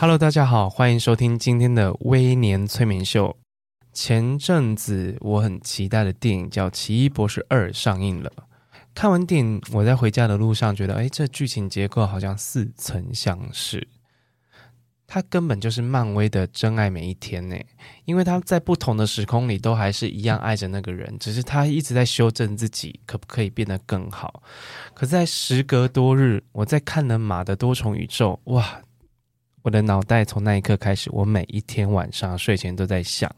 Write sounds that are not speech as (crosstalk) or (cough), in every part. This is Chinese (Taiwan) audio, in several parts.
Hello，大家好，歡迎收聽今天的威廉催眠秀。前陣子我很期待的電影叫《奇異博士二》上映了。看完電影，我在回家的路上覺得，哎，這劇情結構好像似曾相識。它根本就是漫威的《真愛每一天》呢，因為他在不同的時空裡都還是一樣愛着那個人，只是他一直在修正自己，可不可以變得更好？可在時隔多日，我在看了《媽的多重宇宙》，哇！我的腦袋從那一刻開始，我每一天晚上睡前都在想：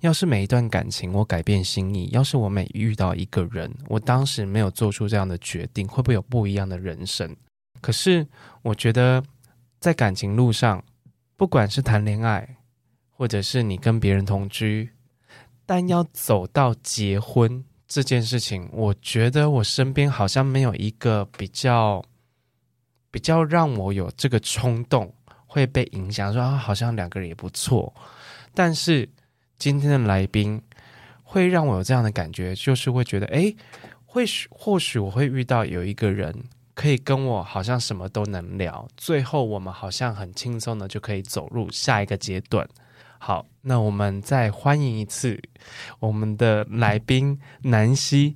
要是每一段感情我改變心意，要是我每遇到一個人，我當時沒有做出這樣的決定，會不會有不一樣的人生？可是我覺得，在感情路上，不管是談戀愛，或者是你跟別人同居，但要走到結婚這件事情，我覺得我身邊好像沒有一個比較，比較讓我有這個衝動。會被影響說，說啊，好像兩個人也不錯。但是今天的來賓會讓我有這樣的感覺，就是會覺得，哎，或許或許我會遇到有一個人可以跟我好像什麼都能聊，最後我們好像很輕鬆的就可以走入下一個階段。好，那我們再歡迎一次我們的來賓南西。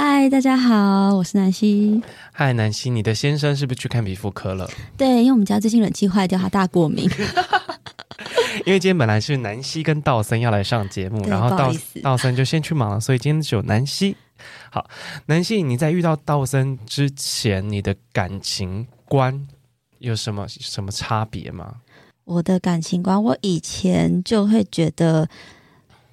嗨，Hi, 大家好，我是南西。嗨，南西，你的先生是不是去看皮膚科了？對，因為我們家最近冷氣壞掉，他大過敏。 (laughs) (laughs) 因為今天本來是南西跟道森要來上節目，對然後道，道森就先去忙了，所以今天只有南西。好，南西，你在遇到道森之前，你的感情觀有什麼什麼差別嗎？我的感情觀，我以前就會覺得，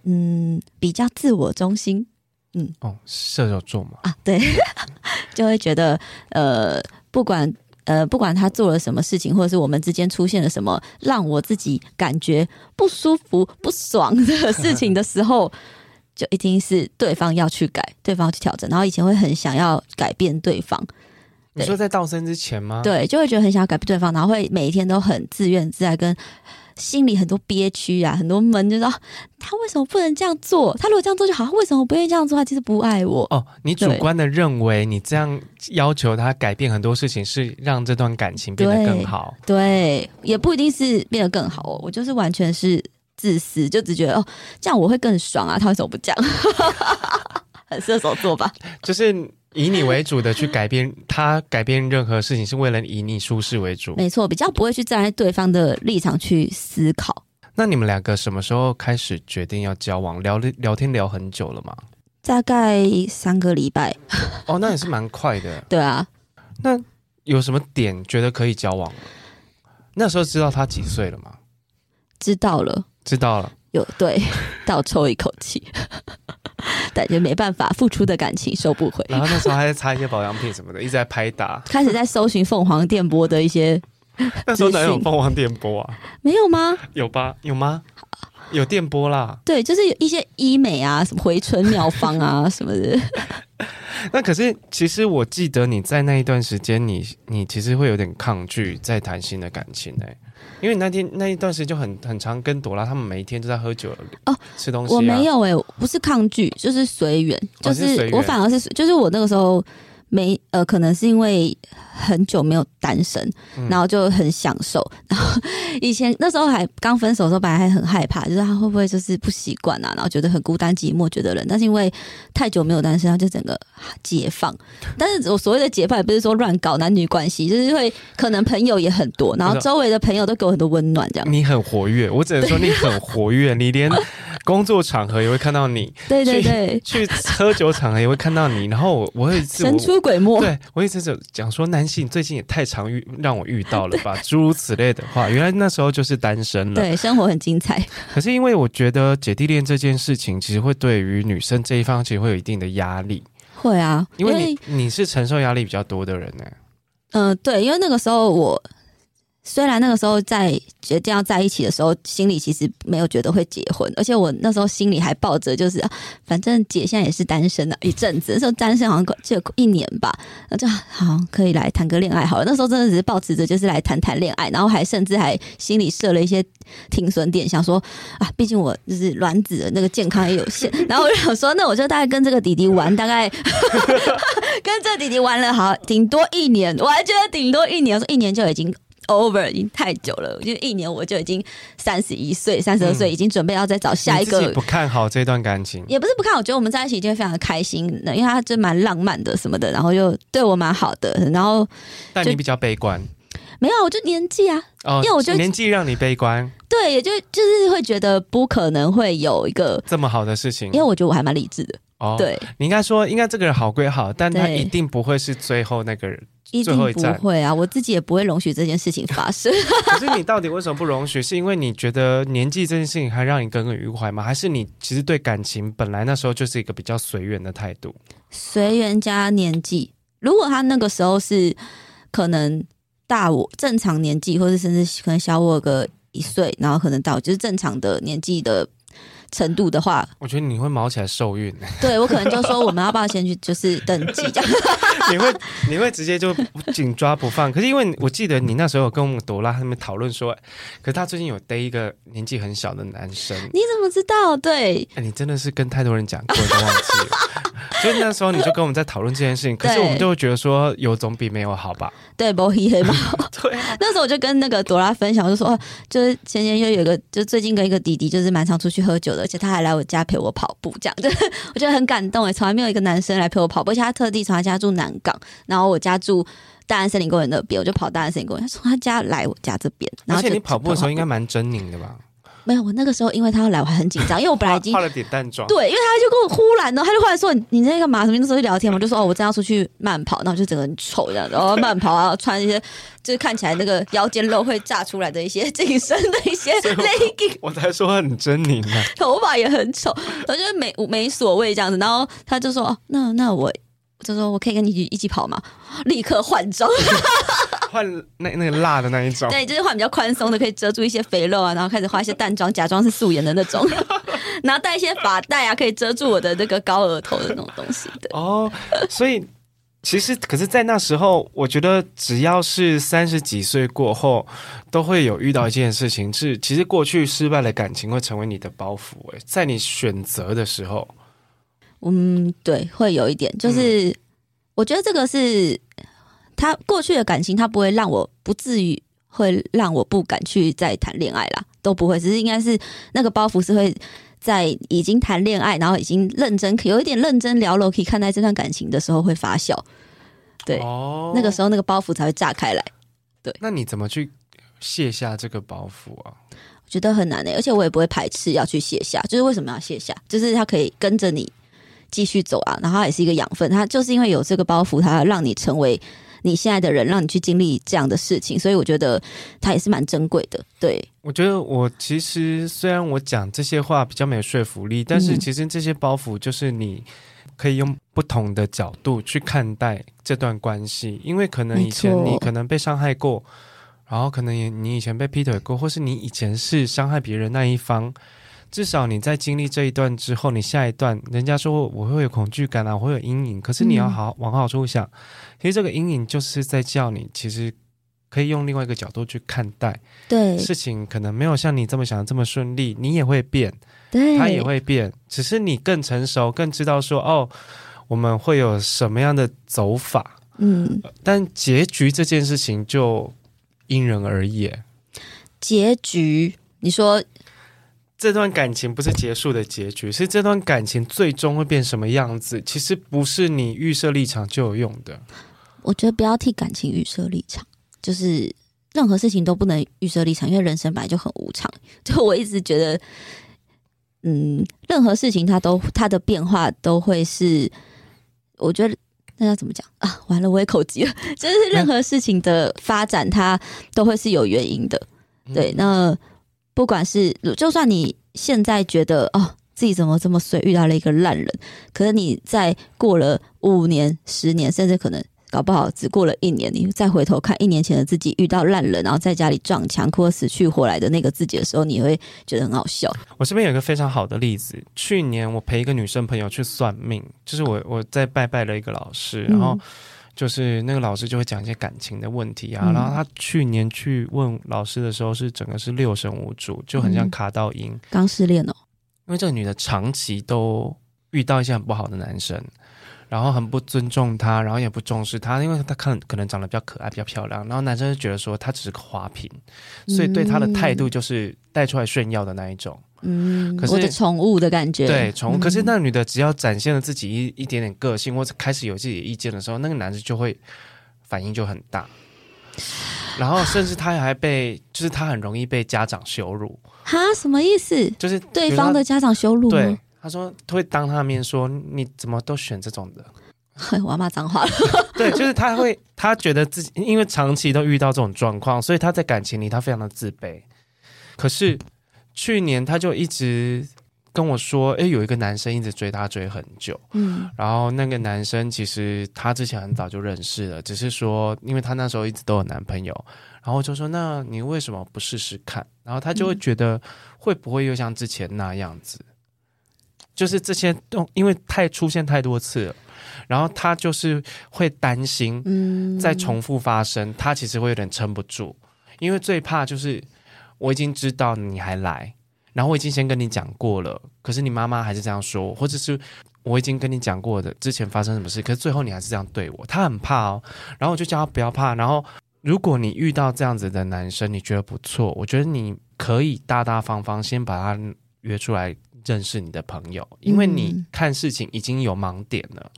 嗯，比較自我中心。嗯，哦，射手座嘛啊，對呵呵，就會覺得呃，不管呃，不管他做了什麼事情，或者是我們之間出現了什麼讓我自己感覺不舒服、不爽的事情的時候， (laughs) 就一定是對方要去改，對方要去調整。然後以前會很想要改變對方。對，你說在道森之前嗎？對，就會覺得很想要改變對方，然後會每一天都很自怨自艾跟。心裡很多憋屈啊，很多悶，就說他為什麼不能這樣做？他如果這樣做就好，他為什麼不願意這樣做？他其實不愛我哦。你主觀的認為，對你這樣要求他改變很多事情，是讓這段感情變得更好對？對，也不一定是變得更好哦。我就是完全是自私，就只覺得哦，這樣我會更爽啊。他為什麼不這樣？ (laughs) 很射手座吧？就是。以你為主的去改變，他改變任何事情是為了以你舒適為主。沒錯，比較不會去站在對方的立場去思考。那你們兩個什麼時候開始決定要交往？聊聊天聊很久了嗎？大概三個禮拜。哦，那也是蠻快的。 (laughs) 對啊。那有什麼點覺得可以交往了？那時候知道他幾歲了嗎？知道了，知道了。有對，倒抽一口氣。 (laughs) 感覺沒辦法付出的感情收不回，然後那時候還在擦一些保養品什麼的，一直在拍打，開始在搜尋鳳凰電波的一些，那時候哪有鳳凰電波啊？沒有嗎？有吧？有嗎？有電波啦。對，就是有一些醫美啊，什麼回春妙方啊什麼的。 (laughs) 那可是，其實我記得你在那一段時間，你你其實會有點抗拒在談新的感情哎、欸。因為你那天那一段時間就很很常跟朵拉他們每一天都在喝酒哦，吃東西、啊。我沒有哎、欸，不是抗拒，就是隨緣，就是我反而是就是我那個時候。沒呃，可能是因為很久沒有單身，嗯、然後就很享受。然後以前那時候還剛分手的時候，本來還很害怕，就是他、啊、會不會就是不習慣啊，然後覺得很孤單寂寞，覺得人。但是因為太久沒有單身，他就整個解放。但是我所謂的解放也不是說亂搞男女關係，就是會可能朋友也很多，然後周圍的朋友都給我很多溫暖，這樣。你很活躍，我只能說你很活躍，對你連。 (laughs) 工作場合也會看到你，對對對，去喝酒場合也會看到你，然後我我會神出鬼沒，我對我一直講講說，男性最近也太常遇讓我遇到了吧，對，諸如此類的話。原來那時候就是單身了，對，生活很精彩。可是因為我覺得姐弟戀這件事情，其實會對於女生這一方其實會有一定的壓力，會啊，因為你因為你是承受壓力比較多的人呢、欸。嗯、呃，對，因為那個時候我。雖然那個時候在決定要在一起的時候，心裡其實沒有覺得會結婚，而且我那時候心裡還抱着就是、啊，反正姐現在也是單身了、啊、一陣子，那時候單身好像就一年吧，那就好可以來談個戀愛好了。那時候真的只是抱持着就是來談談戀愛，然後還甚至還心裡設了一些停損點，想說啊，畢竟我就是卵子的那個健康也有限，然後我就想說，那我就大概跟這個弟弟玩，大概 (laughs) 跟這個弟弟玩了好頂多一年，我還覺得頂多一年，說一年就已經。Over 已經太久了，就一年我就已經三十一歲、三十二歲，嗯、已經準備要再找下一個。不看好這段感情，也不是不看好，我覺得我們在一起已經非常的開心，因為他就蠻浪漫的什麼的，然後又對我蠻好的。然後，但你比較悲觀，沒有，我就年紀啊，哦、因為我覺得年紀讓你悲觀，對，也就是、就是會覺得不可能會有一個這麼好的事情。因為我覺得我還蠻理智的，哦，對，你應該說應該這個人好歸好，但他一定不會是最後那個人。最後一,一定不會啊！我自己也不會容許這件事情發生。 (laughs) (laughs) 可是你到底為什麼不容許？是因為你覺得年紀這件事情還讓你耿耿於懷嗎？還是你其實對感情本來那時候就是一個比較隨緣的態度？隨緣加年紀。如果他那個時候是可能大我正常年紀，或者甚至可能小我一個一歲，然後可能到就是正常的年紀的。程度的話，我覺得你會毛起來受孕、欸。對，我可能就說我們要不要先去就是登記這樣？ (laughs) 你會你會直接就緊抓不放？可是因為我記得你那時候有跟我們朵拉他們討論說，可是他最近有逮一個年紀很小的男生。你怎麼知道？對、哎，你真的是跟太多人講過都忘記了。 (laughs) 所以那時候你就跟我們在討論這件事情， (laughs) 對可是我們就會覺得說有總比沒有好吧？對，不黑嘛。 (laughs) 對、啊，那時候我就跟那個朵拉分享就，就說就是前前又有一個，就最近跟一個弟弟就是蠻常出去喝酒的，而且他還來我家陪我跑步這樣子，我覺得很感動哎、欸，從來沒有一個男生來陪我跑步，而且他特地從他家住南港，然後我家住大安森林公園那邊，我就跑大安森林公園，他從他家來我家這邊，然後而且你跑步的時候應該蠻猙獰的吧？沒有，我那個時候因為他要來，我很緊張，因為我本來已經化了點淡妝。對，因為他就跟我忽然呢，他就忽然說：“你你在幹嘛？什麼那時候就聊天嘛，我就說：“哦，我正要出去慢跑，然後我就整個人醜這樣，然後慢跑啊，然後穿一些 (laughs) 就是看起來那個腰間肉會炸出來的一些緊身的一些 legging。”我才說很猙獰、啊，頭髮也很醜，我覺得沒沒所謂這樣子。然後他就說：“哦、那那我，就說我可以跟你一起跑嘛。”立刻換裝。 (laughs) 換那那個辣的那一種，對，就是換比較寬鬆的，可以遮住一些肥肉啊，然後開始化一些淡妝，假裝是素顏的那種， (laughs) 然後戴一些髮帶啊，可以遮住我的那個高額頭的那種東西，對。哦，所以其實，可是，在那時候，我覺得只要是三十幾歲過後，都會有遇到一件事情，是其實過去失敗的感情會成為你的包袱、欸。哎，在你選擇的時候，嗯，對，會有一點，就是、嗯、我覺得這個是。他過去的感情，他不會讓我不至於會讓我不敢去再談戀愛啦，都不會，只是應該是那個包袱是會在已經談戀愛，然後已經認真有一點認真聊了，可以看待這段感情的時候會發酵。對，哦、那個時候那個包袱才會炸開來。對，那你怎麼去卸下這個包袱啊？我覺得很難呢、欸，而且我也不會排斥要去卸下。就是為什麼要卸下？就是它可以跟着你繼續走啊，然後它也是一個養分。它就是因為有這個包袱，它讓你成為。你現在的人讓你去經歷這樣的事情，所以我覺得他也是蠻珍貴的。對，我覺得我其實雖然我講這些話比較沒有說服力，但是其實這些包袱就是你可以用不同的角度去看待這段關係，因為可能以前你可能被傷害過，沒錯，然後可能也你以前被劈腿過，或是你以前是傷害別人那一方，至少你在經歷這一段之後，你下一段，人家說我會有恐懼感啊，我會有陰影。可是你要好好，嗯，往好處想，其實這個陰影就是在叫你，其實可以用另外一個角度去看待。對，事情可能沒有像你這麼想的這麼順利，你也會變，對，他也會變，只是你更成熟，更知道說哦，我們會有什麼樣的走法。嗯，但結局這件事情就因人而異。結局，你說。這段感情不是結束的結局，是這段感情最終會變什麼樣子，其實不是你預設立場就有用的。我覺得不要替感情預設立場，就是任何事情都不能預設立場，因為人生本來就很無常。就我一直覺得，嗯，任何事情它都它的變化都會是，我覺得那要怎麼講啊？完了，我也口急了。就是任何事情的發展，它都會是有原因的。嗯、對，那。不管是就算你現在覺得哦，自己怎麼這麼衰，遇到了一個爛人，可是你再過了五年、十年，甚至可能搞不好只過了一年，你再回頭看一年前的自己，遇到爛人，然後在家裡撞牆、哭得死去活來的那個自己的時候，你會覺得很好笑。我身邊有一個非常好的例子，去年我陪一個女生朋友去算命，就是我我在拜拜了一個老師，嗯、然後。就是那個老師就會講一些感情的問題啊，嗯、然後她去年去問老師的時候是整個是六神無主，就很像卡到陰、嗯。剛失戀哦，因為這個女的長期都遇到一些很不好的男生，然後很不尊重她，然後也不重視她，因為她看可能長得比較可愛、比較漂亮，然後男生就覺得說她只是個花瓶，所以對她的態度就是帶出來炫耀的那一種。嗯嗯，可是我的寵物的感覺對寵物，可是那女的只要展現了自己一一點點個性，嗯、或者開始有自己的意見的時候，那個男的就會反應就很大，然後甚至他還被， (laughs) 就是他很容易被家長羞辱。哈，什麼意思？就是對方的家長羞辱嗎？對，他說會當他面說你怎麼都選這種的。我要罵髒話了。 (laughs) 對，就是他會，他覺得自己因為長期都遇到這種狀況，所以他在感情裡他非常的自卑。可是。去年他就一直跟我說：“哎、欸，有一個男生一直追她追很久。嗯”然後那個男生其實他之前很早就認識了，只是說因為他那時候一直都有男朋友，然後就說：“那你為什麼不試試看？”然後他就會覺得會不會又像之前那樣子，嗯、就是這些都、哦、因為太出現太多次了。然後他就是會擔心，再重複發生，嗯、他其實會有點撐不住，因為最怕就是。我已經知道你還來，然後我已經先跟你講過了。可是你媽媽還是這樣說，或者是我已經跟你講過的之前發生什麼事，可是最後你還是這樣對我。他很怕哦，然後我就叫他不要怕。然後如果你遇到這樣子的男生，你覺得不錯，我覺得你可以大大方方先把他約出來認識你的朋友，因為你看事情已經有盲點了。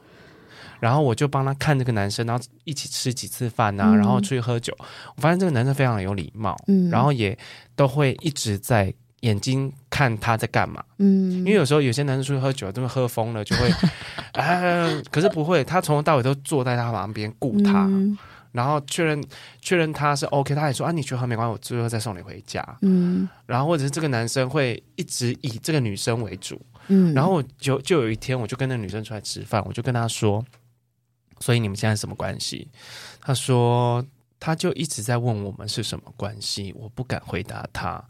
然後我就幫他看這個男生，然後一起吃幾次飯吶、啊，嗯、然後出去喝酒。我發現這個男生非常的有禮貌，嗯，然後也都會一直在眼睛看他在幹嘛，嗯，因為有時候有些男生出去喝酒真的喝瘋了，就會、 (laughs) 呃、可是不會，他從頭到尾都坐在他旁邊顧他，嗯、然後確認確認他是 OK，他還說啊，你去喝沒關係，我最後再送你回家，嗯，然後或者是這個男生會一直以這個女生為主，嗯，然後就就有一天我就跟那女生出來吃飯，我就跟他說。所以你們現在什麼關係？他說，他就一直在問我們是什麼關係，我不敢回答他，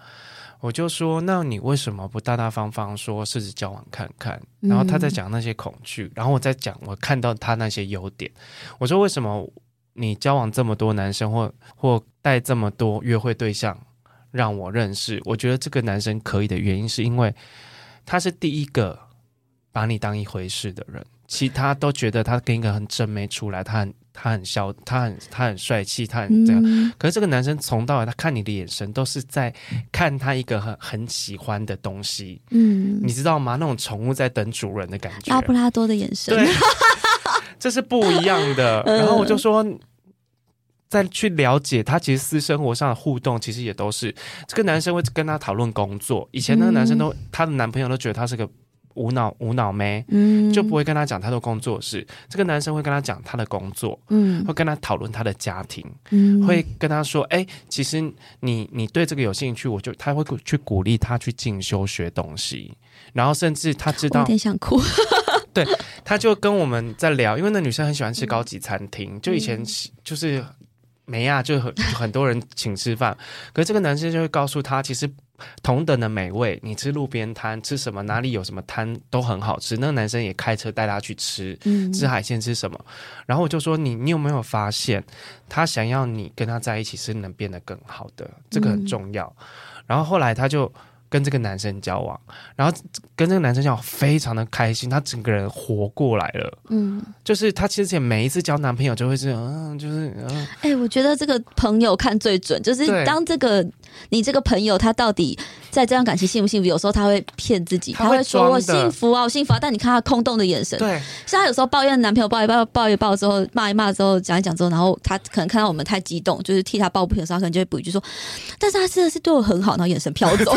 我就說，那你為什麼不大大方方說試着交往看看？然後他在講那些恐懼，然後我在講我看到他那些優點。我說，為什麼你交往這麼多男生，或或帶這麼多約會對象讓我認識？我覺得這個男生可以的原因，是因為他是第一個把你當一回事的人。其他都覺得他跟一個很正妹出來，他很他很小，他很笑他很帥氣，他很這樣。嗯、可是這個男生從到來他看你的眼神都是在看他一個很很喜歡的東西，嗯，你知道嗎？那種寵物在等主人的感覺，拉布拉多的眼神，對，這是不一樣的。 (laughs) 然後我就說，再去了解他，其實私生活上的互動，其實也都是這個男生會跟他討論工作。以前那個男生都、嗯、他的男朋友都覺得他是個。無腦無腦妹？嗯，就不會跟他講太多工作事，這個男生會跟他講他的工作，嗯，會跟他討論他的家庭，嗯，會跟他說，哎、欸，其實你你對這個有興趣，我就他會去鼓勵他去進修學東西。然後甚至他知道有點想哭， (laughs) 對，他就跟我們在聊，因為那女生很喜歡吃高級餐廳，嗯、就以前就是沒啊，就很就很多人請吃飯， (laughs) 可是這個男生就會告訴他，其實。同等的美味，你吃路邊攤吃什麼？哪裡有什麼攤都很好吃。那個男生也開車帶他去吃，吃海鮮吃什麼？嗯。然後我就說你，你有沒有發現，他想要你跟他在一起是能變得更好的，這個很重要。嗯。然後後來他就。跟這個男生交往，然後跟這個男生交往非常的開心，他整個人活過來了。嗯，就是他其實每一次交男朋友就會這樣、呃，就是嗯，哎、呃欸，我覺得這個朋友看最準，就是當這個對你這個朋友他到底。在這段感情幸不幸福？有時候他會騙自己，他會，他會說我幸福啊，我幸福啊。但你看他空洞的眼神，對，是他有時候抱怨男朋友抱一抱抱一抱之後罵一罵之後講一講之後，然後他可能看到我們太激動，就是替他抱不平的時候，他可能就會補一句說：“但是他真的是對我很好。”然後眼神飄走，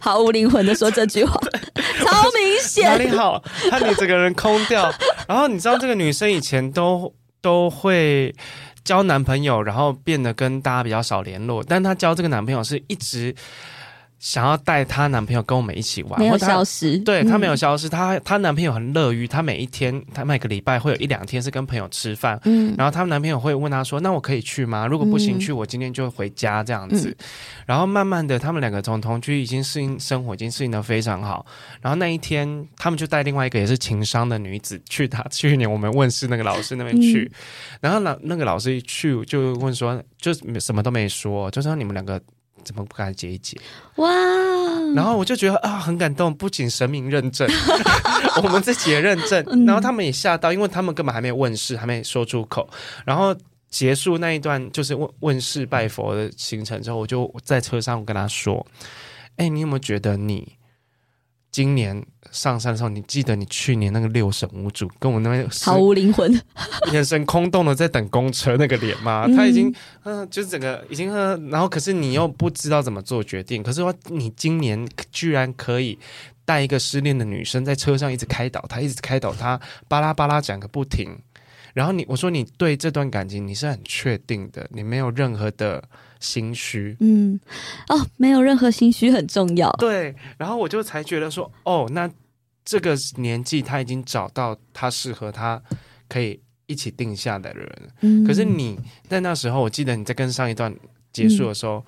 毫 (laughs) (laughs) 無靈魂的說這句話， (laughs) 超明顯哪裡好，他你整個人空掉。 (laughs) 然後你知道這個女生以前都都會交男朋友，然後變得跟大家比較少聯絡。但她交這個男朋友是一直。想要帶她男朋友跟我們一起玩，沒有消失。對，她沒有消失，她她、嗯、男朋友很樂於，她每一天，她每個禮拜會有一兩天是跟朋友吃飯。嗯，然後他們男朋友會問她說：“那我可以去嗎？如果不行去，我今天就回家這樣子。嗯”然後慢慢的，他們兩個從同居已經適應生活，已經適應得非常好。然後那一天，他們就帶另外一個也是情商的女子去她去年我們問事那個老師那邊去。嗯、然後那那個老師一去就問說：“就什麼都沒說，就說你們兩個。”怎麼不敢接一接？哇 Wow！然後我就覺得啊、哦，很感動。不僅神明認證， (laughs) (laughs) 我們自己也認證，然後他們也嚇到，因為他們根本還沒有問世，還沒說出口。然後結束那一段就是問世拜佛的行程之後，我就在車上，我跟他說：“哎，你有沒有覺得你今年？”上山的時候，你記得你去年那個六神無主，跟我那邊毫無靈魂，眼神空洞的在等公車那個臉嗎？他已經，嗯、呃，就是整個已經呃，然後可是你又不知道怎麼做決定，可是你今年居然可以帶一個失戀的女生在車上一直開導她，一直開導她，巴拉巴拉講個不停。然後你我說你對這段感情你是很確定的，你沒有任何的。心虛，嗯，哦，沒有任何心虛很重要。對，然後我就才覺得說，哦，那這個年紀他已經找到他適合他可以一起定下的人。嗯，可是你在那時候，我記得你在跟上一段結束的時候，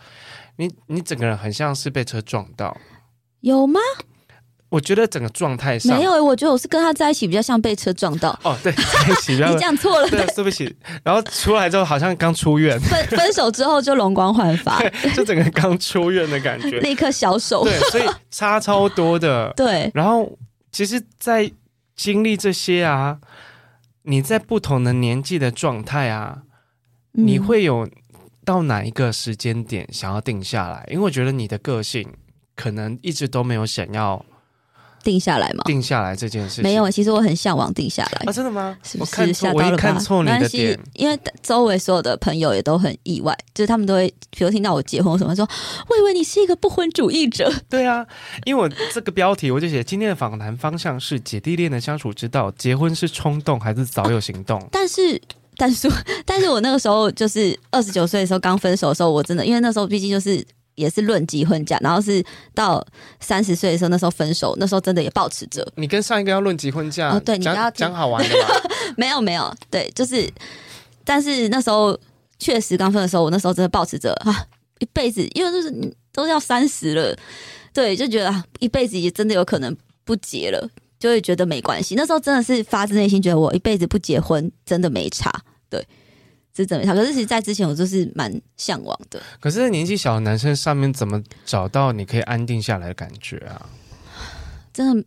嗯，你你整個人很像是被車撞到，有嗎？我覺得整個狀態上沒有、欸，我覺得我是跟他在一起比較像被車撞到哦，對，在一起， (laughs) 你講錯了，對，對不起。然後出來之後好像剛出院，分分手，之後就容光煥發 (laughs) 對，就整個剛出院的感覺。那顆 (laughs) 小手，對，所以差超多的。 (laughs) 對，然後其實，在經歷這些啊，你在不同的年紀的狀態啊，嗯、你會有到哪一個時間點想要定下來？因為我覺得你的個性可能一直都沒有想要。定下來嗎？定下來這件事情沒有。其實我很嚮往定下來啊！真的嗎？是不是我看錯，我一看錯你的點，因為周圍所有的朋友也都很意外，就是他們都會比如聽到我結婚什麼說，我以為你是一個不婚主義者。對啊，因為我這個標題我就寫今天的訪談方向是姐弟戀的相處之道，結婚是衝動還是早有行動？啊，但是，但是，但是我那個時候就是二十九歲的時候剛分手的時候，我真的因為那時候畢竟就是。也是論及婚嫁，然後是到三十歲的時候，那時候分手，那時候真的也抱持着。你跟上一個要論及婚嫁？哦，對，你講講好玩的嗎？ (laughs) 沒有沒有，對，就是，但是那時候確實剛分的時候，我那時候真的抱持着啊，一輩子，因為就是都要三十了，對，就覺得啊，一輩子也真的有可能不結了，就會覺得沒關係。那時候真的是發自內心覺得，我一輩子不結婚真的沒差，對。是怎麼？可是其實，在之前我就是蠻嚮往的。可是年紀小的男生上面怎麼找到你可以安定下來的感覺啊？真的，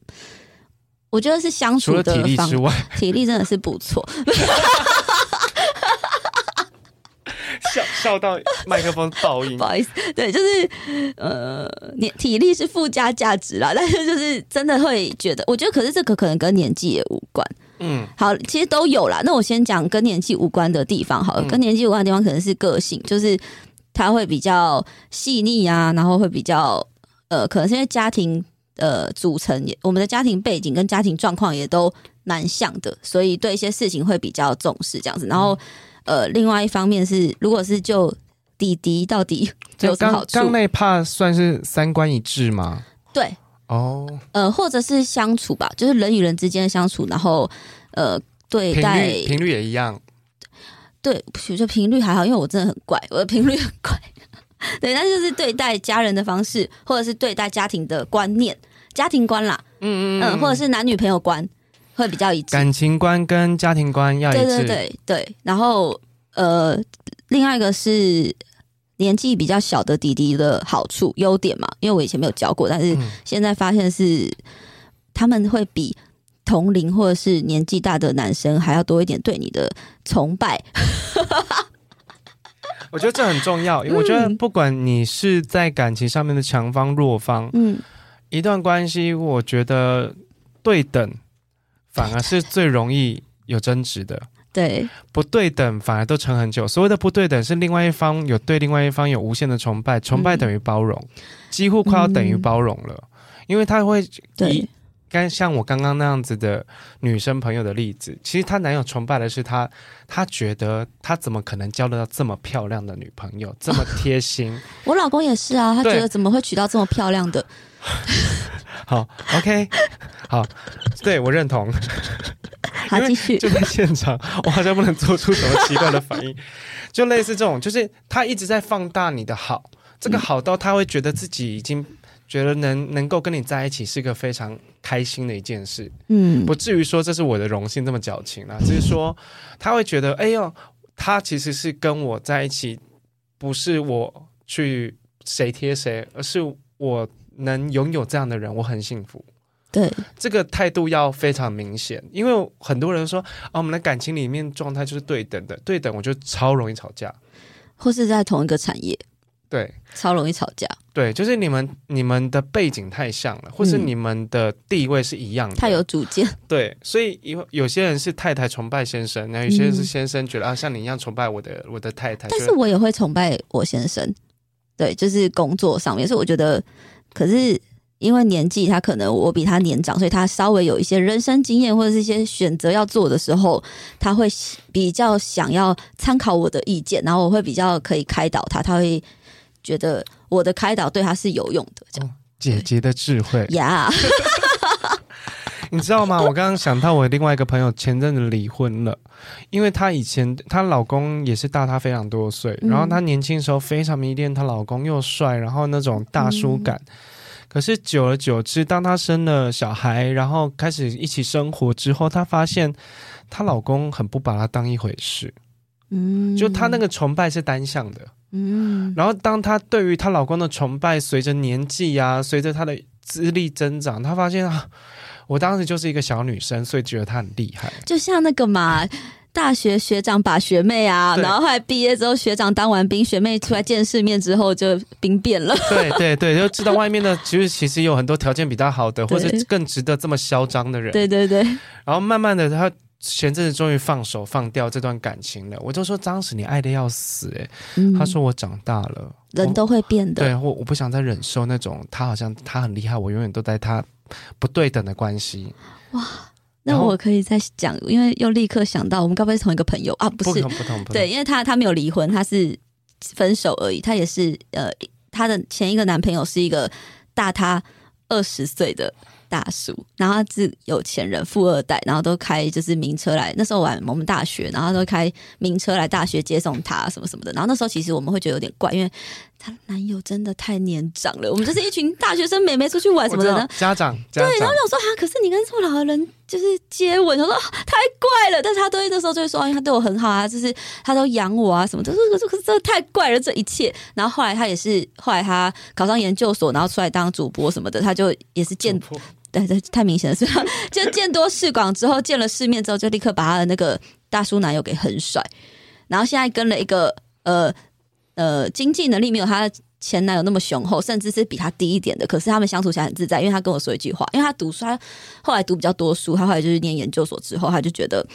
我覺得是相處的方除了體力之外，體力真的是不錯。笑笑到麥克風爆音， (laughs) 不好意思。對，就是呃，你體力是附加價值，啦，但是就是真的會覺得，我覺得可是這個可能跟年紀也無關。嗯，好，其實都有啦。那我先講跟年紀無關的地方好了。嗯、跟年紀無關的地方可能是個性，就是他會比較細膩啊，然後會比較呃，可能是因為家庭呃組成也，我們的家庭背景跟家庭狀況也都蠻像的，所以對一些事情會比較重視這樣子。然後、嗯、呃，另外一方面是，如果是就弟弟到底有什麼好處？剛剛那怕算是三觀一致嗎？對。哦，oh。呃，或者是相處吧，就是人與人之間的相處，然後，呃，對待頻率，頻率也一樣，對，就頻率還好，因為我真的很怪，我的頻率很怪， (laughs) 對，那就是對待家人的方式，或者是對待家庭的觀念、家庭觀啦，嗯嗯、嗯、嗯，或者是男女朋友觀會比較一致，感情觀跟家庭觀要一致，對對對對，對，然後，呃，另外一個是。年紀比較小的弟弟的好處、優點嘛，因為我以前沒有教過，但是現在發現是他們會比同齡或者是年紀大的男生還要多一點對你的崇拜。 (laughs) 我覺得這很重要。我覺得不管你是在感情上面的強方弱方，嗯，一段關係，我覺得對等反而是最容易有爭執的。對，不對等反而都撐很久。所謂的不對等，是另外一方有對另外一方有無限的崇拜，嗯、崇拜等於包容，幾乎快要等於包容了。嗯、因為他會對剛像我剛剛那樣子的女生朋友的例子，其實她男友崇拜的是他，他覺得他怎麼可能交得到這麼漂亮的女朋友，這麼貼心？ (laughs) 我老公也是啊，他覺得怎麼會娶到這麼漂亮的？對 (laughs) 好，OK，好，對我認同。 (laughs) 好，繼續。因為就在現場，我好像不能做出什麼奇怪的反應，就類似這種，就是他一直在放大你的好，這個好到他會覺得自己已經覺得能能夠跟你在一起是個非常開心的一件事，嗯，不至於說這是我的榮幸這麼矯情啦，只是說他會覺得，哎呦，他其實是跟我在一起，不是我去誰貼誰，而是我能擁有這樣的人，我很幸福。對，這個態度要非常明顯，因為很多人說啊、哦，我們的感情裡面狀態就是對等的，對等，我覺得超容易吵架，或是在同一個產業，對，超容易吵架，對，就是你們你們的背景太像了，或是你們的地位是一樣的，太、嗯、有主見，對，所以有有些人是太太崇拜先生，然後有些人是先生覺得啊，嗯、像你一樣崇拜我的我的太太，但是我也會崇拜我先生，對，就是工作上面，所以我覺得，可是。因為年紀，他可能我比他年長，所以他稍微有一些人生經驗或者是一些選擇要做的時候，他會比較想要參考我的意見，然後我會比較可以開導他，他會覺得我的開導對他是有用的。這樣，哦、姐姐的智慧呀，你知道嗎？我剛剛想到我另外一個朋友前陣子離婚了，因為她以前她老公也是大她非常多歲，嗯、然後她年輕的時候非常迷戀她老公又帥，然後那種大叔感。嗯可是久而久之，當她生了小孩，然後開始一起生活之後，她發現她老公很不把她當一回事，嗯，就她那個崇拜是單向的，嗯，然後當她對於她老公的崇拜隨着年紀啊，隨着她的資歷增長，她發現啊，我當時就是一個小女生，所以覺得他很厲害，就像那個嘛。大學學長把學妹啊，然後後來畢業之後，學長當完兵，對學妹出來見世面之後就兵變了。對對對，就知道外面的其實其實有很多條件比他好的， (laughs) 或者更值得這麼囂張的人。對對對。然後慢慢的，他前陣子終於放手放掉這段感情了。我就說當時你愛得要死哎、欸，嗯、他說我長大了，人都會變的。對，我我不想再忍受那種他好像他很厲害，我永遠都在他不對等的關係。哇。那我可以再講，因為又立刻想到，我們該不會是同一個朋友啊？不是，不不不對，因為他他沒有離婚，他是分手而已。他也是呃，他的前一個男朋友是一個大他二十歲的大叔，然後他是有錢人，富二代，然後都開就是名車來。那時候玩我，我們大學，然後都開名車來大學接送他什麼什麼的。然後那時候其實我們會覺得有點怪，因為。她男友真的太年長了，我們就是一群大學生妹妹出去玩什麼的呢。家長，家長對，然後我說：“啊，可是你跟這麼老的人就是接吻。”她說：“太怪了。”但是她對那時候就會說：“她他對我很好啊，就是他都養我啊什麼的。”這個這個真的太怪了，這一切。然後後來他也是，後來他考上研究所，然後出來當主播什麼的，他就也是見播對對，太明顯了，是就見多識廣之後， (laughs) 見了世面之後，就立刻把他的那個大叔男友給狠甩，然後現在跟了一個呃。呃，經濟能力沒有他前男友那麼雄厚，甚至是比他低一點的。可是他們相處起來很自在，因為他跟我說一句話，因為他讀書，他後來讀比較多書，他後來就是念研究所之後，他就覺得。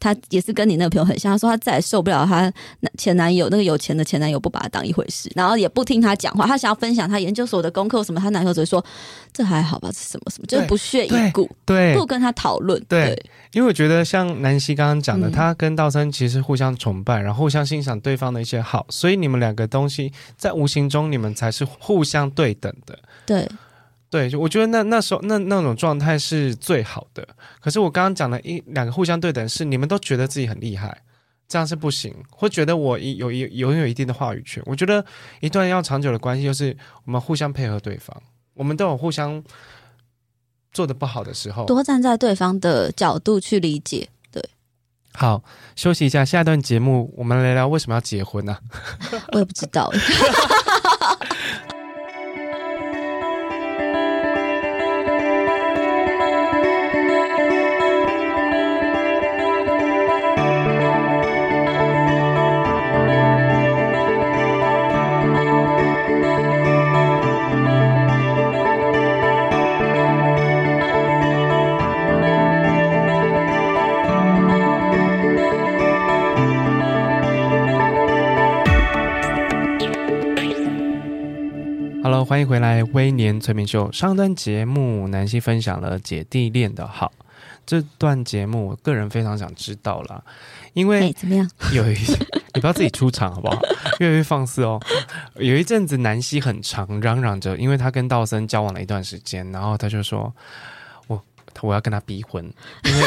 她也是跟你那個朋友很像，她說她再也受不了她前男友那個有錢的前男友不把她當一回事，然後也不聽她講話。她想要分享她研究所的功課什麼，她男朋友只是說這還好吧，這什麼什麼，就是不屑一顧，對，不跟她討論。對，對因為我覺得像南西剛剛講的，她、嗯、跟道森其實互相崇拜，然後互相欣賞對方的一些好，所以你們兩個東西在無形中你們才是互相對等的。對。對，就，我覺得那那時候那那種狀態是最好的。可是我剛剛講了一兩個互相對等是，你們都覺得自己很厲害，這樣是不行。會覺得我有一擁有，有，有一定的話語權，我覺得一段要長久的關係，就是我們互相配合對方，我們都有互相做得不好的時候，多站在對方的角度去理解。對，好，休息一下，下一段節目我們來聊為什麼要結婚呢、啊？ (laughs) 我也不知道。 (laughs) (laughs) 歡迎回來，威廉催眠秀，上一段節目，南西分享了姐弟戀的好。這段節目，我個人非常想知道啦，因為、哎、怎麼樣？有一，你不要自己出場好不好？越來越放肆哦。有一陣子，南西很常嚷嚷着，因為他跟道森交往了一段時間，然後他就說：“我我要跟他逼婚。”因為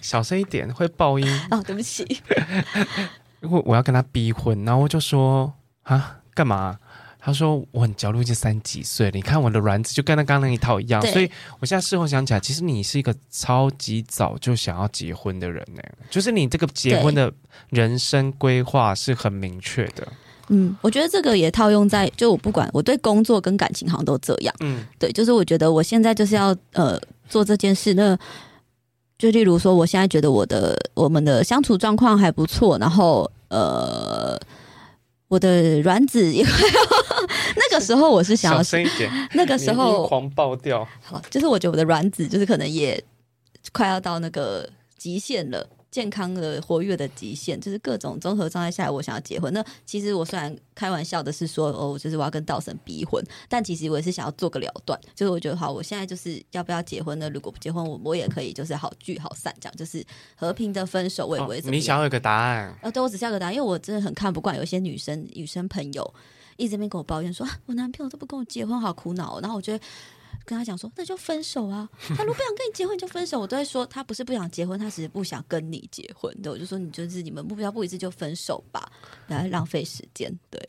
小聲一點會爆音 (laughs) 哦，對不起。 (laughs) 我我要跟他逼婚，然後我就說：“啊，幹嘛？”他說：“我很焦慮，已經三幾歲了。你看我的卵子，就跟那剛剛那一套一樣。對所以，我現在事後想起來，其實你是一個超級早就想要結婚的人呢、欸。就是你這個結婚的人生規劃對是很明確的。嗯，我覺得這個也套用在就我不管，我對工作跟感情好像都這樣。嗯，對，就是我覺得我現在就是要呃做這件事。那就例如說，我現在覺得我的我們的相處狀況還不錯，然後呃，我的卵子因為。”那個時候我是想要是是小聲一點。 (laughs) 那個時候狂爆掉。好，就是我覺得我的卵子就是可能也快要到那個極限了，健康的活躍的極限，就是各種綜合狀態下來，我想要結婚。那其實我雖然開玩笑的是說，哦，就是我要跟道森逼婚，但其實我也是想要做個了斷。就是我覺得好，我現在就是要不要結婚呢？如果不結婚，我我也可以就是好聚好散，這樣就是和平的分手。我也，哦，你想要有個答案？呃，哦，對我只需要個答案，因為我真的很看不慣有些女生女生朋友。一直沒跟我抱怨說、啊，我男朋友都不跟我結婚，好苦惱、哦。然後我就跟他講說，那就分手啊！他如果不想跟你結婚，就分手。 (laughs) 我都在說，他不是不想結婚，他只是不想跟你結婚。對，我就說，你就是你們目標不一致，就分手吧，然後浪費時間。對。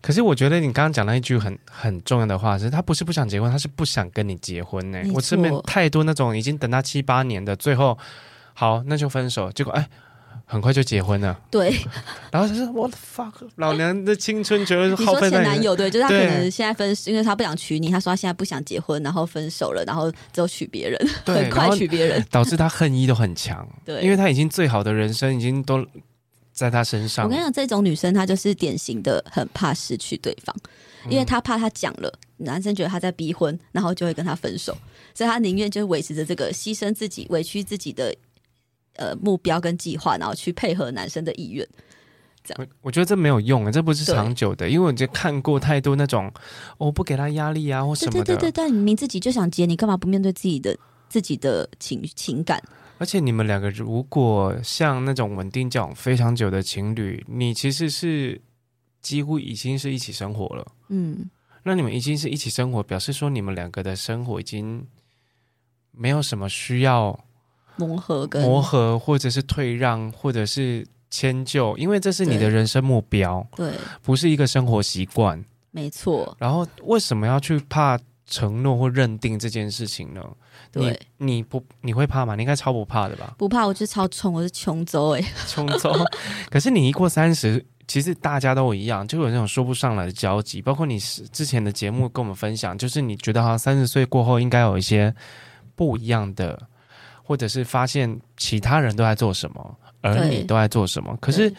可是我覺得你剛剛講了一句很很重要的話，是他不是不想結婚，他是不想跟你結婚呢、欸。錯我身邊太多那種已經等到七八年的，最後好那就分手，結果哎。很快就結婚了，對。 (laughs) 然後他、就、說、是：“What the fuck，老娘的青春全部是。”好。你說前男友對，就是她可能現在分，對因為她不想娶你，她說她現在不想結婚，然後分手了，然後就娶別人，很快娶別人，導致她恨意都很強。對，因為她已經最好的人生已經都在她身上。我跟你講，這種女生她就是典型的很怕失去對方，因為她怕她講了，男生覺得她在逼婚，然後就會跟她分手，所以她寧願就是維持着這個犧牲自己、委屈自己的。呃，目標跟計劃，然後去配合男生的意願，這樣。我，我覺得這沒有用啊，這不是長久的，對因為我就看過太多那種，我、哦、不給他壓力啊，或什麼的。對對對對，但你明自己就想結，你幹嘛不面對自己的自己的情情感？而且你們兩個如果像那種穩定交往非常久的情侶，你其實是幾乎已經是一起生活了。嗯，那你們已經是一起生活，表示說你們兩個的生活已經沒有什麼需要。磨合跟磨合，或者是退讓，或者是遷就，因為這是你的人生目標，對，對。不是一個生活習慣。沒錯。然後為什麼要去怕承諾或認定這件事情呢？對你，你不你會怕嗎？你應該超不怕的吧？不怕，我是超衝，我是衝走哎，衝州。 (laughs) 可是你一過三十，其實大家都一樣，就有那種說不上來的焦急。包括你是之前的節目跟我們分享，就是你覺得好像三十歲過後應該有一些不一樣的。或者是發現其他人都在做什麼，而你都在做什麼，對，可是，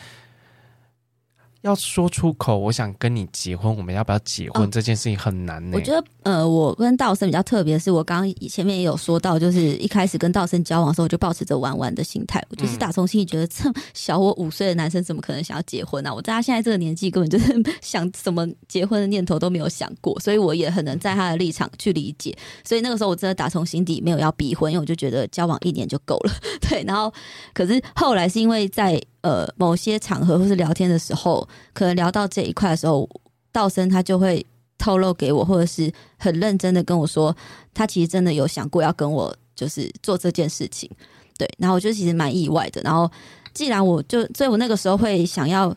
要說出口，我想跟你結婚，我們要不要結婚，哦、這件事情很難、欸。我覺得，呃，我跟道森比較特別的是，我剛剛前面也有說到，就是一開始跟道森交往的時候，我就抱持著玩玩的心態，我就是打從心裡覺得，這、嗯、小我五歲的男生怎麼可能想要結婚呢？啊？我在他現在這個年紀，根本就是想什麼結婚的念頭都沒有想過，所以我也很能在他的立場去理解。所以那個時候，我真的打從心底沒有要逼婚，因為我就覺得交往一年就夠了。對，然後，可是後來是因為在。呃，某些場合或是聊天的時候，可能聊到這一塊的時候，道森他就會透露給我，或者是很認真的跟我說，他其實真的有想過要跟我就是做這件事情，對。然後我覺得其實蠻意外的。然後既然我就，所以我那個時候會想要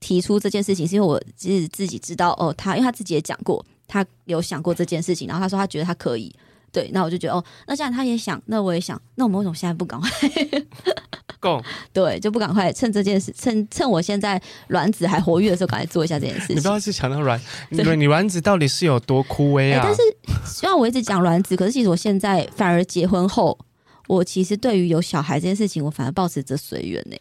提出這件事情，是因為我其實自己知道哦，他因為他自己也講過，他有想過這件事情。然後他說他覺得他可以，對。那我就覺得哦，那既然他也想，那我也想，那我們為什麼現在不趕快？ (laughs) 夠 Go. 對，就不趕快趁這件事，趁趁我現在卵子還活躍的時候，趕快做一下這件事情。 (laughs) 你不要去想到卵，你卵你卵子到底是有多枯萎啊？欸、但是雖然我一直講卵子，可是其實我現在反而結婚後，我其實對於有小孩這件事情，我反而保持着隨緣呢。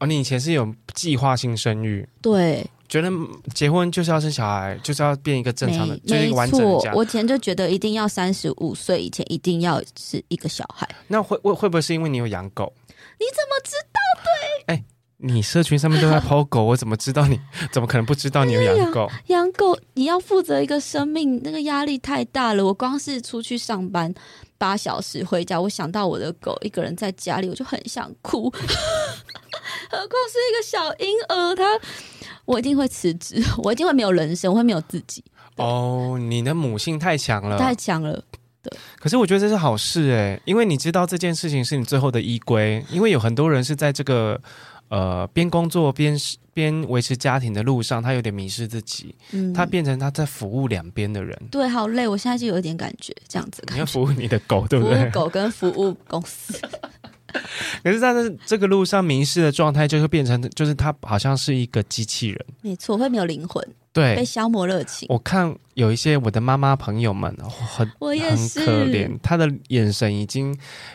哦，你以前是有計劃性生育，對，覺得結婚就是要生小孩，就是要變一個正常的，就是一個完整家。我以前就覺得一定要三十五歲以前一定要是一個小孩。那會會會不會是因為你有養狗？你怎麼知道？對，哎、欸，你社群上面都在 po 狗。 (laughs) 我怎麼知道你？你怎麼可能不知道你有養狗？養、哎、狗你要負責一個生命，那個壓力太大了。我光是出去上班八小時回家，我想到我的狗一個人在家裡，我就很想哭。 (laughs) 何況是一個小嬰兒，他，我一定會辭職，我一定會沒有人生，我會沒有自己。哦，你的母性太強了，太強了。對可是我覺得這是好事哎，因為你知道這件事情是你最後的依歸，因為有很多人是在這個呃邊工作邊邊維持家庭的路上，他有點迷失自己，嗯，他變成他在服務兩邊的人，對，好累，我現在就有一點感覺，這樣子，你要服務你的狗，對不對？狗跟服務公司， (laughs) 可是他的這個路上迷失的狀態就會變成，就是他好像是一個機器人，沒錯，會沒有靈魂。對，被消磨熱情。我看有一些我的媽媽朋友們，很我很可憐，她的眼神已經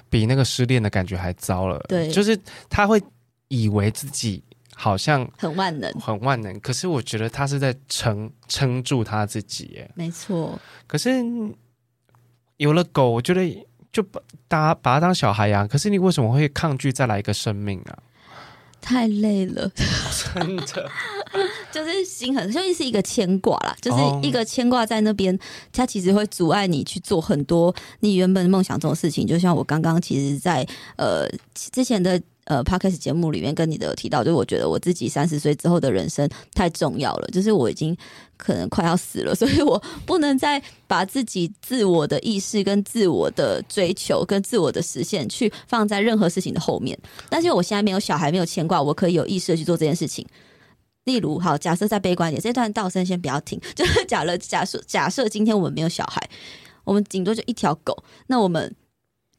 比那個失戀的感覺還糟了。對，就是她會以為自己好像很萬能，很萬能。可是我覺得她是在撐撐住她自己耶。沒錯。可是有了狗，我覺得就把把把它當小孩養啊。可是你為什麼會抗拒再來一個生命啊？太累了，真的， (laughs) 就是心很，所、就、以是一個牽掛了，oh. 就是一個牽掛在那邊，它其實會阻礙你去做很多你原本夢想中的事情。就像我剛剛其實在，在呃之前的。呃 Podcast 節目裡面跟你的提到，就是我覺得我自己三十歲之後的人生太重要了，就是我已經可能快要死了，所以我不能再把自己自我的意識、跟自我的追求、跟自我的實現，去放在任何事情的後面。但是我現在沒有小孩，沒有牽掛，我可以有意識的去做這件事情。例如，好，假設再悲觀一點，這段道森先不要聽，就是講了，假設假設今天我們沒有小孩，我們頂多就一條狗，那我們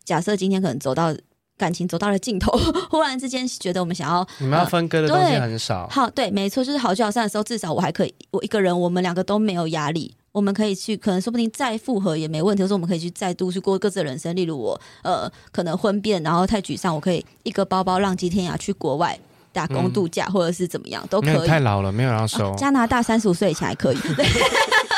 假設今天可能走到。感情走到了盡頭，忽然之間覺得我們想要你們要分割的東西很少。呃、好，對，沒錯，就是好聚好散的時候，至少我還可以，我一個人，我們兩個都沒有壓力，我們可以去，可能說不定再復合也沒問題。說、就是、我們可以去再度去過各自的人生，例如我，呃，可能婚變然後太沮喪，我可以一個包包浪跡天涯去國外打工度假，嗯、或者是怎麼樣都可以。太老了，沒有人要收、呃。加拿大三十五歲以前還可以。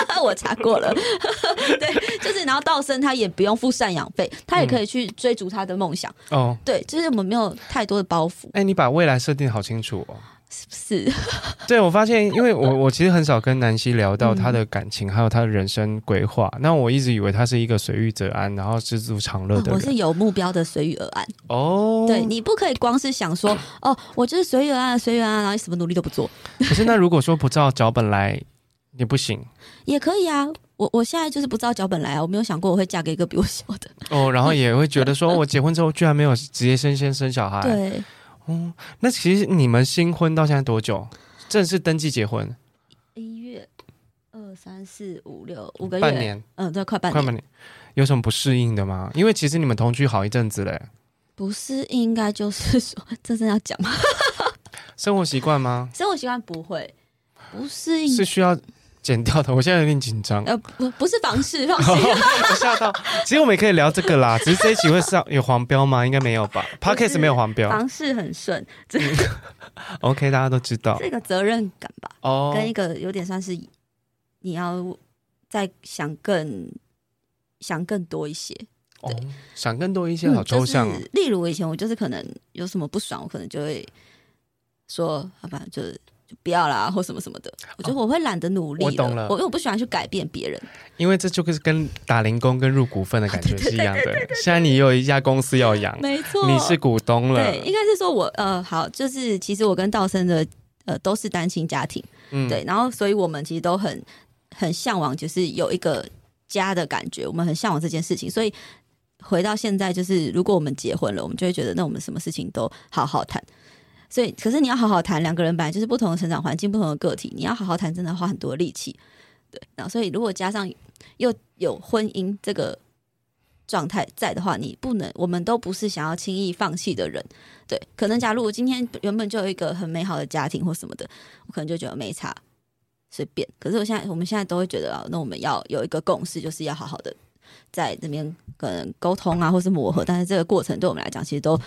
(laughs) 我查過了， (laughs) 對，就是然後道森他也不用付贍養費，嗯、他也可以去追逐他的夢想。哦，對，就是我們沒有太多的包袱。哎、欸，你把未來設定好清楚哦，是不是？ (laughs) 對，我發現，因為我我其實很少跟南西聊到她的感情，嗯、還有她的人生規劃。那我一直以為她是一個隨遇則安，然後知足常樂的人、哦。我是有目標的，隨遇而安。哦，對，你不可以光是想說，哦，我就是隨遇而安，隨遇而安，然後你什麼努力都不做。可是那如果說不照腳本來？ (laughs) 也不行，也可以啊。我我現在就是不知道腳本來啊。我沒有想過我會嫁給一個比我小的哦。然後也會覺得說，我結婚之後 (laughs) 居然沒有直接生先生小孩。對，哦，那其實你們新婚到現在多久？正式登記結婚？一,一月二三四五六五個月。半年。嗯，對，快半年。快半年。有什麼不適應的嗎？因為其實你們同居好一陣子嘞。不適應，應該就是說，真正要講 (laughs) 嗎？生活習慣嗎？生活習慣不會，不適應是需要。剪掉頭，我現在有點緊張。呃，不，不是房事，放心。嚇、 (laughs) 哦、到，其實我們也可以聊這個啦。只是這一集會上有黃標嗎？應該沒有吧？Packers, (laughs) 是 沒有黃標。房事很順，這個、嗯、OK，大家都知道。這個責任感吧，哦，跟一個有點算是你要再想更想更多一些。哦，想更多一些好抽象、嗯，就是。例如以前我就是可能有什麼不爽，我可能就會說好吧，就是。不要啦，或什麼什麼的，哦、我覺得我會懶得努力。我懂了，我，了我因為我不喜歡去改變別人，因為這就跟跟打零工、跟入股份的感覺是一樣的。 (laughs) 現在你有一家公司要養， (laughs) 沒錯錯，你是股東了。對，應該是說我呃，好，就是其實我跟道森的呃都是單親家庭，嗯，對，然後所以我們其實都很很向往，就是有一個家的感覺，我們很向往這件事情。所以回到現在，就是如果我們結婚了，我們就會覺得那我們什麼事情都好好談。所以，可是你要好好談，兩個人本來就是不同的成長環境、不同的個體，你要好好談，真的花很多力氣。對，那所以如果加上又有婚姻這個狀態在的話，你不能，我們都不是想要輕易放棄的人。對，可能假如我今天原本就有一個很美好的家庭或什麼的，我可能就覺得沒差，隨便。可是我現在，我們現在都會覺得啊，那我們要有一個共識，就是要好好的在那邊可能溝通啊，或是磨合。但是這個過程對我們來講，其實都。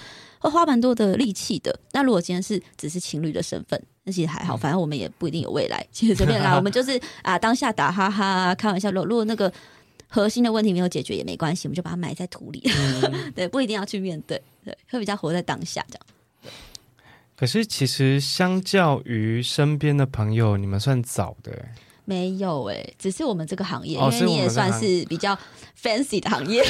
花蠻多的力氣的。那如果今天是只是情侶的身份，那其實還好，反正我們也不一定有未來。其實隨便啦，我們就是啊，當下打哈哈、開玩笑。如如果那個核心的問題沒有解決也沒關係，我們就把它埋在土裡。嗯、 (laughs) 對，不一定要去面對，對，會比較活在當下這樣。可是，其實相較於身邊的朋友，你們算早的。沒有哎、欸、只是我們這個行業，因為你也算是比較 fancy 的行業。哦、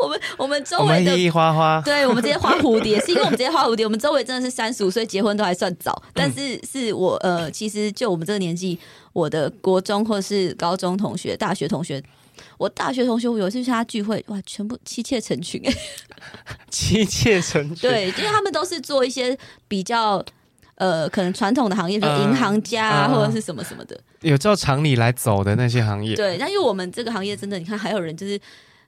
我們， (laughs) 我們我們周圍的一一花花，對我們這些花蝴蝶， (laughs) 是因為我們這些花蝴蝶，我們周圍真的是三十五歲結婚都還算早。但是是我呃，其實就我們這個年紀，我的國中或者是高中同學、大學同學，我大學同學我有一次去他聚會，哇，全部妻妾成群、欸， (laughs) 妻妾成群。對，因為他們都是做一些比較。呃，可能傳統的行業，比如銀行家、啊嗯嗯、或者是什麼什麼的，有照常理來走的那些行業。對，但因為我們這個行業真的，你看還有人就是，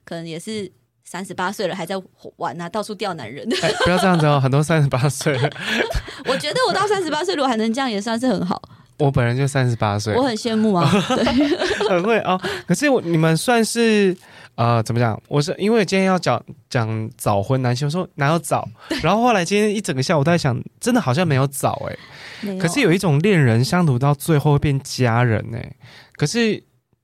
可能也是三十八歲了，還在玩啊，到處釣男人、欸，不要這樣子哦， (laughs) 很多三十八歲。 (laughs) 我覺得我到三十八歲如果還能這樣，也算是很好。我本人就三十八歲，我很羨慕啊。對 (laughs) 很會哦，可是你們算是。呃，怎麼講？我是因為今天要講講早婚男性，我說哪有早？對然後後來今天一整個下午都在想，真的好像沒有早哎、欸。有可是有一種戀人相處到最後會變家人哎、欸，可是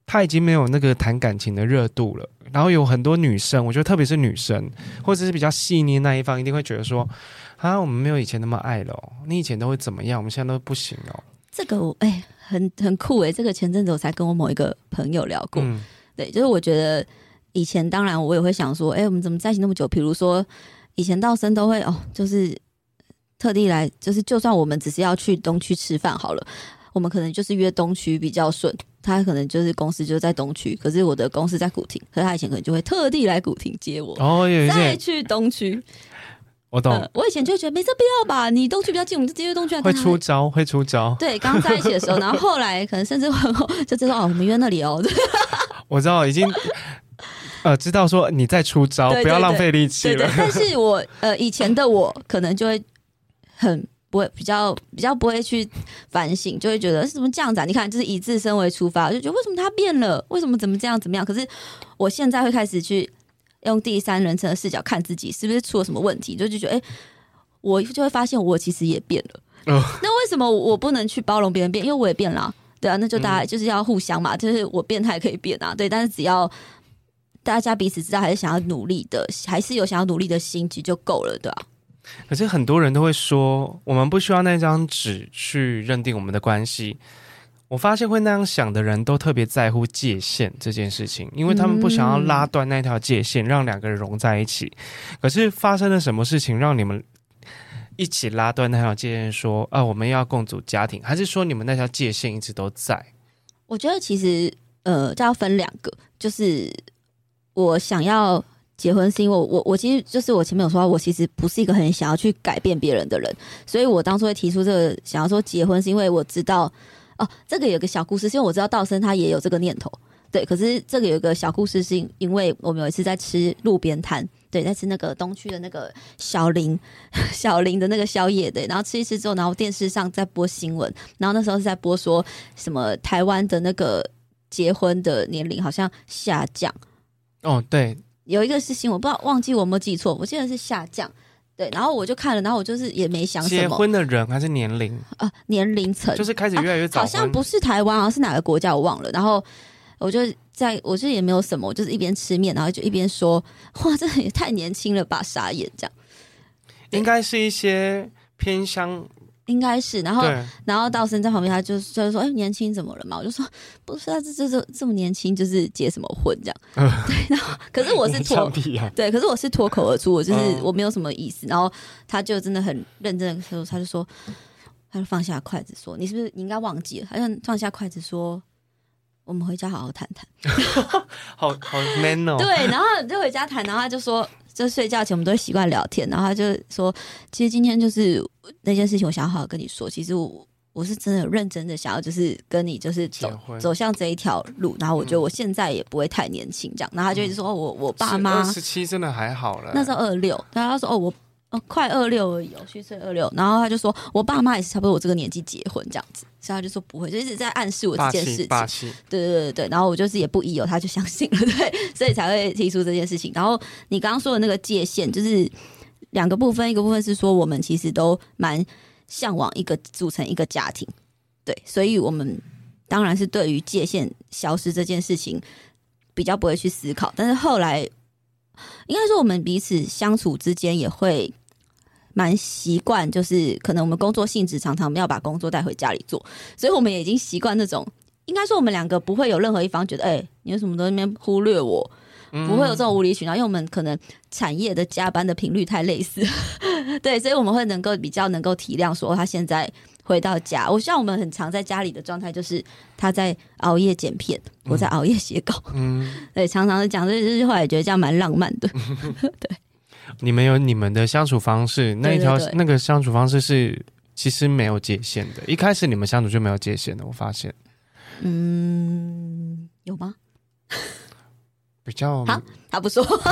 他已經沒有那個談感情的熱度了。然後有很多女生，我覺得特別是女生，或者是比較細膩的那一方，一定會覺得說，啊，我們沒有以前那麼愛了、哦。你以前都會怎麼樣？我們現在都不行了哦。這個我哎，很很酷哎、欸。這個前陣子我才跟我某一個朋友聊過，嗯、對，就是我覺得。以前當然我也會想說，哎、欸，我們怎麼在一起那麼久？比如說，以前道森都會哦，就是特地來，就是就算我們只是要去東區吃飯好了，我們可能就是約東區比較順，他可能就是公司就在東區，可是我的公司在古亭，可是他以前可能就會特地來古亭接我，哦有有有，再去東區。我懂、呃。我以前就覺得沒這必要吧，你東區比較近，我們就直接東區。會出招，會出招。對，剛在一起的時候，然後後來 (laughs) 可能甚至往後就知道哦，我們約那裡哦。對我知道，已經。 (laughs) 呃，知道說你在出招，對對對，不要浪費力氣了。對對，但是我呃以前的我可能就會很不會比較比較不會去反省，就會覺得是什麼這樣子啊？你看，就是以自身為出發，就覺得為什麼他變了？為什麼怎麼這樣？怎麼樣？可是我現在會開始去用第三人稱的視角看自己，是不是出了什麼問題？就就覺得，哎，我就會發現我其實也變了。呃、那為什麼我不能去包容別人變？因為我也變了，對啊？那就大家就是要互相嘛，嗯、就是我變態可以變啊，對，但是只要。大家彼此知道，還是想要努力的，還是有想要努力的心其實就夠了，對吧、啊？可是很多人都會說，我們不需要那張紙去認定我們的關係。我發現會那樣想的人都特別在乎界限這件事情，因為他們不想要拉斷那條界限，讓兩個人融在一起。可是發生了什麼事情讓你們一起拉斷那條界限？說、呃、啊，我們要共組家庭，還是說你們那條界限一直都在？我覺得其實呃，這要分兩個，就是。我想要結婚，是因為我我我其實就是我前面有說，我其實不是一個很想要去改變別人的人，所以我當初會提出這個想要說結婚是、哦這個，是因為我知道哦，這個有個小故事，因為我知道道森他也有這個念頭，對。可是這個有個小故事，是因為我們有一次在吃路邊攤，對，在吃那個東區的那個小林小林的那個宵夜，對，然後吃一吃之後，然後電視上在播新聞，然後那時候是在播說什麼台灣的那個結婚的年齡好像下降。哦，對，有一個事情我不知道，忘記我有沒有記錯，我記得是下降，對，然後我就看了，然後我就是也沒想結婚的人還是年齡啊，年齡層就是開始越來越早，啊，好像不是台灣，啊，是哪個國家我忘了，然後我就在我就也沒有什麼，我就是一邊吃麵，然後就一邊說，哇，這也太年輕了吧，傻眼這樣，應該是一些偏鄉。應該是，然後，對然後道森在旁邊，他就就說：“哎、欸，年輕怎麼了嘛？”我就說：“不是啊，這這這這麼年輕，就是結什麼婚這樣？”嗯、對，然後，可是我是脫，啊、對，可是我是脫口而出，我就是、嗯、我沒有什麼意思。然後他就真的很認真的時候，他就說，他就放下筷子說：“你是不是你應該忘記了？”他就放下筷子說：“我們回家好好談談。 (laughs) 好”好好 man 哦、喔。對，然後就回家談，然後他就說。在睡覺前，我們都習慣聊天。然後他就說：“其實今天就是那件事情，我想好好跟你說。其實我我是真的認真的想要，就是跟你就是走婚走向這一條路。然後我覺得我現在也不會太年輕，這樣。嗯、然後他就一直說：我我爸媽二十七真的還好了，那時候二十六。然後他說：哦我。”哦，快二六而已哦，虛歲二六。然後他就說，我爸媽也是差不多我這個年紀結婚這樣子，所以他就說不會，就一直在暗示我這件事情。八八對對對對，然後我就是也不疑有、哦、他，就相信了，對，所以才會提出這件事情。然後你剛剛說的那個界限，就是兩個部分，一個部分是說我們其實都蠻向往一個組成一個家庭，對，所以我們當然是對於界限消失這件事情比較不會去思考。但是後來，應該說我們彼此相處之間也會。蠻習慣，就是可能我們工作性質常常我們要把工作帶回家裡做，所以我們也已經習慣那種。應該說我們兩個不會有任何一方覺得，哎、欸，你有什麼都在那邊忽略我，嗯、不會有這種無理取鬧，因為我們可能產業的加班的頻率太類似，對，所以我們會能夠比較能夠體諒，說他現在回到家，我希望我們很常在家裡的狀態就是他在熬夜剪片，我在熬夜寫稿，嗯，對，常常的講，這句話也覺得這樣蠻浪漫的，對。你們有你們的相處方式，那一條那個相處方式是其實沒有界限的。對對對，一開始你們相處就沒有界限的，我發現。嗯，有嗎？比較好，他不說。 (laughs)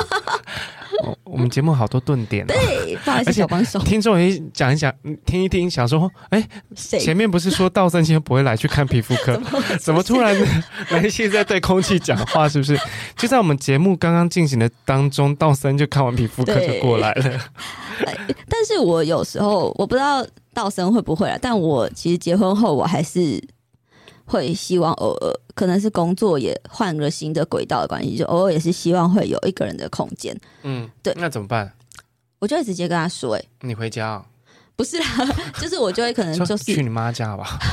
Oh, (laughs) 我們節目好多頓點、啊，對，不好意思，小幫手聽眾也講一講，聽一聽，想說，哎、欸，誰前面不是說道森今天不會來去看皮膚科， (laughs) 怎麼突然人 (laughs) 現在對空氣講話？是不是？ (laughs) 就在我們節目剛剛進行的當中，道森就看完皮膚科就過來了。但是我有時候我不知道道森會不會來，但我其實結婚後我還是，會希望偶爾可能是工作也換個新的軌道的關係，就偶爾也是希望會有一個人的空間，嗯，對。那怎麼辦？我就會直接跟他說、欸：“哎，你回家、哦。”不是啦，就是我就會可能就是 (laughs) 去你媽家好不好，吧。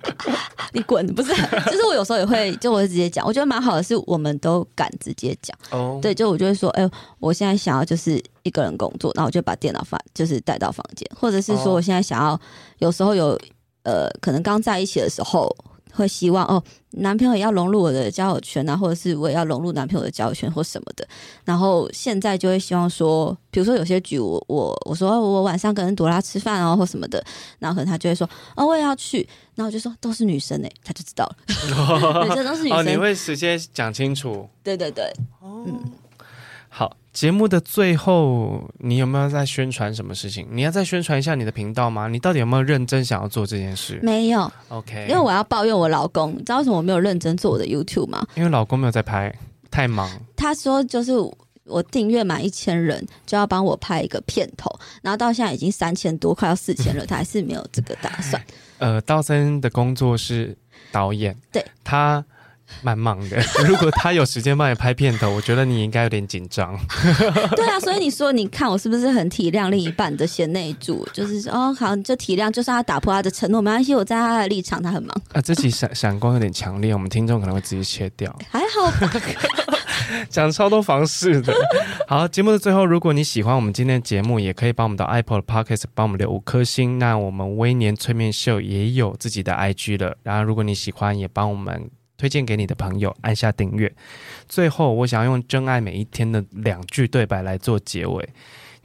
(laughs) 你滾！不是，就是我有時候也會就我會直接講，我覺得蠻好的，是我們都敢直接講。哦，oh. 對，就我就會說：“哎、欸，我現在想要就是一個人工作，然後我就把電腦放就是帶到房間，或者是說我現在想要有時候有。”呃，可能剛在一起的時候會希望哦，男朋友也要融入我的交友圈啊，或者是我也要融入男朋友的交友圈或什麼的。然後現在就會希望說，比如說有些局，我我我說、哦、我晚上跟人朵拉吃飯啊、哦、或什麼的，然後可能他就會說哦，我也要去。然後就說都是女生哎、欸，他就知道了，女生、哦、 (laughs) 都是女生、哦。你會直接講清楚。對對對，嗯。好，節目的最後，你有沒有在宣傳什麼事情？你要再宣傳一下你的頻道嗎？你到底有沒有認真想要做這件事？沒有。OK，因為我要抱怨我老公，你知道為什麼我沒有認真做我的 YouTube 嗎？因為老公沒有在拍，太忙。他說，就是我訂閱滿一千人就要幫我拍一個片頭，然後到現在已經三千多，快要四千了， (laughs) 他還是沒有這個打算。呃，道森的工作是導演，對他。蠻忙的。如果他有時間幫你拍片頭， (laughs) 我覺得你應該有點緊張。 (laughs) 對啊，所以你說，你看我是不是很體諒另一半的賢內助？就是說哦，好，你就體諒，就算他打破他的承諾沒關係，我在他的立場，他很忙。 (laughs) 啊，這期閃閃光有點強烈，我們聽眾可能會直接切掉。還好，講超多房事的。好，節目的最後，如果你喜歡我們今天的節目，也可以幫我們到 Apple Podcast 幫我們留五顆星。那我們威廉催眠秀也有自己的 IG 了。然後，如果你喜歡，也幫我們。推薦給你的朋友，按下訂閱。最後，我想要用《真愛每一天》的兩句對白來做結尾。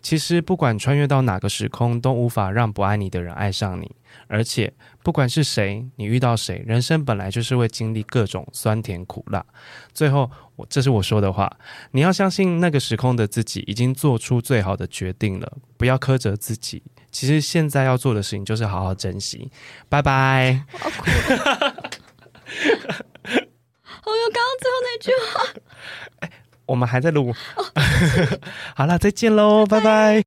其實，不管穿越到哪個時空，都無法讓不愛你的人愛上你。而且，不管是誰，你遇到誰，人生本來就是會經歷各種酸甜苦辣。最後，我這是我說的話，你要相信那個時空的自己已經做出最好的決定了，不要苛責自己。其實，現在要做的事情就是好好珍惜。拜拜。 (laughs) 哦呦，我剛剛最後那句話，哎，我們還在錄， (laughs) (laughs) 好了，再見嘍，拜拜。拜拜。